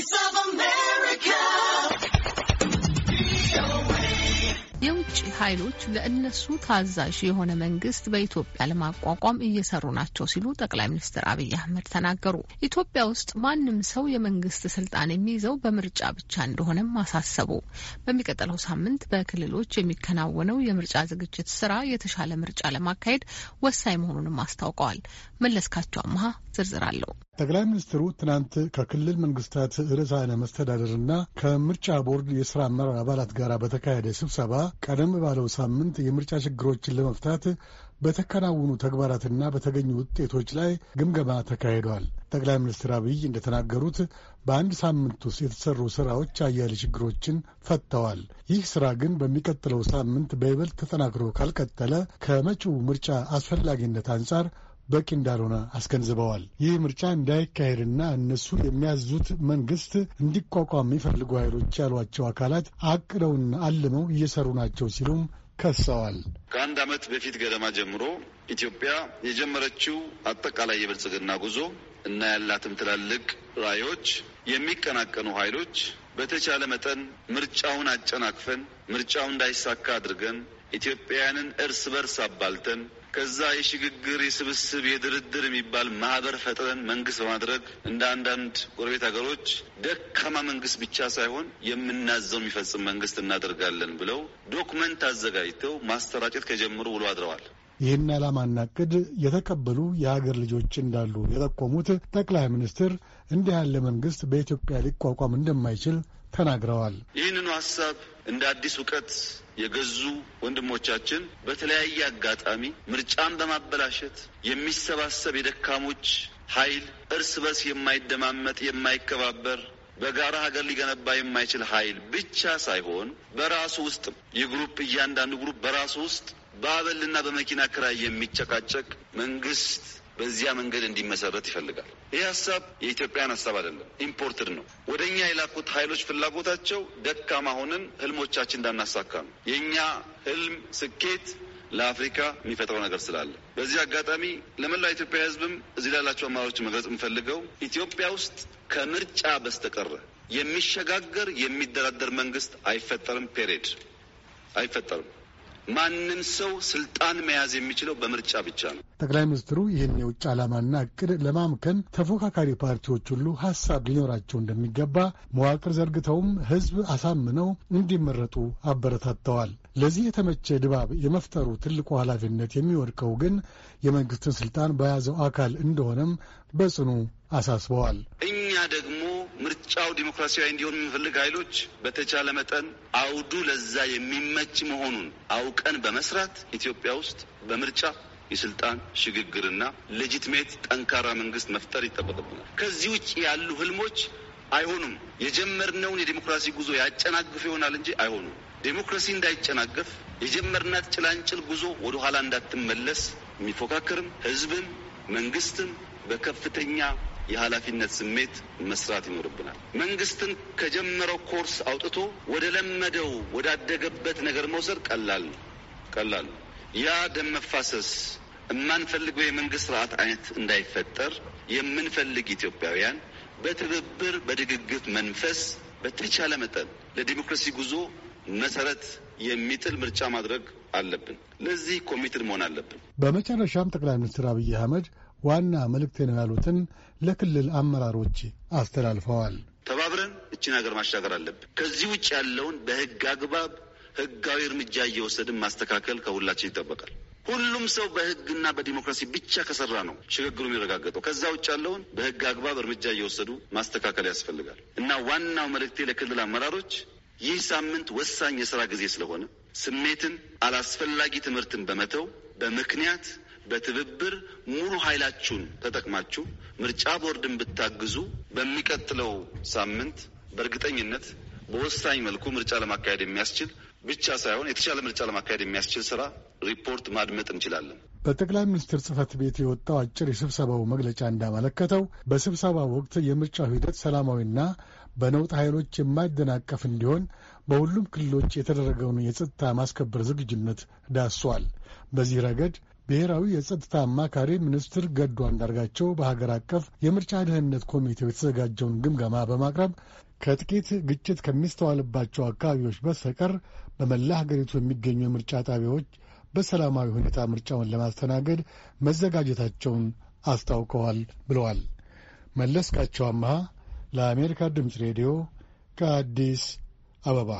Voice of America. የውጭ ኃይሎች ለእነሱ ታዛዥ የሆነ መንግስት በኢትዮጵያ ለማቋቋም እየሰሩ ናቸው ሲሉ ጠቅላይ ሚኒስትር አብይ አህመድ ተናገሩ። ኢትዮጵያ ውስጥ ማንም ሰው የመንግስት ስልጣን የሚይዘው በምርጫ ብቻ እንደሆነም አሳሰቡ። በሚቀጥለው ሳምንት በክልሎች የሚከናወነው የምርጫ ዝግጅት ስራ የተሻለ ምርጫ ለማካሄድ ወሳኝ መሆኑንም አስታውቀዋል። መለስካቸው አመሀ ዝርዝር አለው። ጠቅላይ ሚኒስትሩ ትናንት ከክልል መንግስታት ርዕሳነ መስተዳደርና ከምርጫ ቦርድ የስራ አመራር አባላት ጋር በተካሄደ ስብሰባ ቀደም ባለው ሳምንት የምርጫ ችግሮችን ለመፍታት በተከናወኑ ተግባራትና በተገኙ ውጤቶች ላይ ግምገማ ተካሂዷል። ጠቅላይ ሚኒስትር አብይ እንደተናገሩት በአንድ ሳምንት ውስጥ የተሰሩ ስራዎች አያሌ ችግሮችን ፈትተዋል። ይህ ስራ ግን በሚቀጥለው ሳምንት በይበልጥ ተጠናክሮ ካልቀጠለ ከመጪው ምርጫ አስፈላጊነት አንጻር በቂ እንዳልሆነ አስገንዝበዋል። ይህ ምርጫ እንዳይካሄድና እነሱ የሚያዙት መንግስት እንዲቋቋም የሚፈልጉ ኃይሎች ያሏቸው አካላት አቅደውና አልመው እየሰሩ ናቸው ሲሉም ከሰዋል። ከአንድ ዓመት በፊት ገደማ ጀምሮ ኢትዮጵያ የጀመረችው አጠቃላይ የብልጽግና ጉዞ እና ያላትም ትላልቅ ራዕዮች የሚቀናቀኑ ኃይሎች በተቻለ መጠን ምርጫውን አጨናቅፈን ምርጫው እንዳይሳካ አድርገን ኢትዮጵያውያንን እርስ በርስ አባልተን ከዛ የሽግግር የስብስብ የድርድር የሚባል ማህበር ፈጥረን መንግስት በማድረግ እንደ አንዳንድ ጎረቤት ሀገሮች ደካማ መንግስት ብቻ ሳይሆን የምናዘው የሚፈጽም መንግስት እናደርጋለን ብለው ዶክመንት አዘጋጅተው ማሰራጨት ከጀምሩ ውሎ አድረዋል። ይህን ዓላማና ዕቅድ የተቀበሉ የሀገር ልጆች እንዳሉ የጠቆሙት ጠቅላይ ሚኒስትር እንዲህ ያለ መንግስት በኢትዮጵያ ሊቋቋም እንደማይችል ተናግረዋል። ይህንኑ ሀሳብ እንደ አዲስ እውቀት የገዙ ወንድሞቻችን በተለያየ አጋጣሚ ምርጫን በማበላሸት የሚሰባሰብ የደካሞች ኃይል እርስ በርስ የማይደማመጥ የማይከባበር በጋራ ሀገር ሊገነባ የማይችል ኃይል ብቻ ሳይሆን በራሱ ውስጥ የግሩፕ እያንዳንዱ ግሩፕ በራሱ ውስጥ በአበልና በመኪና ክራይ የሚጨቃጨቅ መንግስት በዚያ መንገድ እንዲመሰረት ይፈልጋል። ይህ ሀሳብ የኢትዮጵያን ሀሳብ አይደለም፣ ኢምፖርትድ ነው። ወደ እኛ የላኩት ኃይሎች ፍላጎታቸው ደካማ ሆነን ህልሞቻችን እንዳናሳካ ነው። የእኛ ህልም ስኬት ለአፍሪካ የሚፈጥረው ነገር ስላለ በዚህ አጋጣሚ ለመላው ኢትዮጵያ ህዝብም እዚህ ላላቸው አማሮች መግለጽ የምፈልገው ኢትዮጵያ ውስጥ ከምርጫ በስተቀረ የሚሸጋገር የሚደራደር መንግስት አይፈጠርም። ፔሬድ አይፈጠርም። ማንም ሰው ስልጣን መያዝ የሚችለው በምርጫ ብቻ ነው። ጠቅላይ ሚኒስትሩ ይህን የውጭ ዓላማና እቅድ ለማምከን ተፎካካሪ ፓርቲዎች ሁሉ ሀሳብ ሊኖራቸው እንደሚገባ መዋቅር ዘርግተውም ህዝብ አሳምነው እንዲመረጡ አበረታተዋል። ለዚህ የተመቸ ድባብ የመፍጠሩ ትልቁ ኃላፊነት የሚወድቀው ግን የመንግስትን ስልጣን በያዘው አካል እንደሆነም በጽኑ አሳስበዋል። እኛ ደግሞ ምርጫው ዲሞክራሲያዊ እንዲሆን የምንፈልግ ኃይሎች በተቻለ መጠን አውዱ ለዛ የሚመች መሆኑን አውቀን በመስራት ኢትዮጵያ ውስጥ በምርጫ የስልጣን ሽግግርና ሌጂትሜት ጠንካራ መንግስት መፍጠር ይጠበቅብናል። ከዚህ ውጭ ያሉ ህልሞች አይሆኑም። የጀመርነውን የዲሞክራሲ ጉዞ ያጨናግፍ ይሆናል እንጂ አይሆኑም። ዴሞክራሲ እንዳይጨናገፍ የጀመርናት ጭላንጭል ጉዞ ወደ ኋላ እንዳትመለስ የሚፎካከርም ህዝብም መንግስትም በከፍተኛ የኃላፊነት ስሜት መስራት ይኖርብናል። መንግስትን ከጀመረው ኮርስ አውጥቶ ወደ ለመደው ወዳደገበት ነገር መውሰድ ቀላል ነው ቀላል ነው። ያ ደም መፋሰስ የማንፈልገው የመንግስት ስርዓት አይነት እንዳይፈጠር የምንፈልግ ኢትዮጵያውያን በትብብር በድግግት መንፈስ በተቻለ መጠን ለዲሞክራሲ ጉዞ መሰረት የሚጥል ምርጫ ማድረግ አለብን። ለዚህ ኮሚትድ መሆን አለብን። በመጨረሻም ጠቅላይ ሚኒስትር አብይ አህመድ ዋና መልእክቴ ነው ያሉትን ለክልል አመራሮች አስተላልፈዋል። ተባብረን እችን ሀገር ማሻገር አለብን። ከዚህ ውጭ ያለውን በህግ አግባብ ህጋዊ እርምጃ እየወሰድን ማስተካከል ከሁላችን ይጠበቃል። ሁሉም ሰው በህግና በዲሞክራሲ ብቻ ከሰራ ነው ሽግግሩ የሚረጋገጠው። ከዛ ውጭ ያለውን በህግ አግባብ እርምጃ እየወሰዱ ማስተካከል ያስፈልጋል እና ዋናው መልእክቴ ለክልል አመራሮች ይህ ሳምንት ወሳኝ የስራ ጊዜ ስለሆነ ስሜትን፣ አላስፈላጊ ትምህርትን በመተው በምክንያት በትብብር ሙሉ ኃይላችሁን ተጠቅማችሁ ምርጫ ቦርድን ብታግዙ በሚቀጥለው ሳምንት በእርግጠኝነት በወሳኝ መልኩ ምርጫ ለማካሄድ የሚያስችል ብቻ ሳይሆን የተሻለ ምርጫ ለማካሄድ የሚያስችል ስራ ሪፖርት ማድመጥ እንችላለን። በጠቅላይ ሚኒስትር ጽህፈት ቤት የወጣው አጭር የስብሰባው መግለጫ እንዳመለከተው በስብሰባ ወቅት የምርጫው ሂደት ሰላማዊና በነውጥ ኃይሎች የማይደናቀፍ እንዲሆን በሁሉም ክልሎች የተደረገውን የጸጥታ ማስከበር ዝግጁነት ዳሷል። በዚህ ረገድ ብሔራዊ የጸጥታ አማካሪ ሚኒስትር ገዱ አንዳርጋቸው በሀገር አቀፍ የምርጫ ደህንነት ኮሚቴው የተዘጋጀውን ግምገማ በማቅረብ ከጥቂት ግጭት ከሚስተዋልባቸው አካባቢዎች በስተቀር በመላ ሀገሪቱ የሚገኙ የምርጫ ጣቢያዎች በሰላማዊ ሁኔታ ምርጫውን ለማስተናገድ መዘጋጀታቸውን አስታውቀዋል ብለዋል። መለስካቸው አመሃ ለአሜሪካ ድምፅ ሬዲዮ ከአዲስ አበባ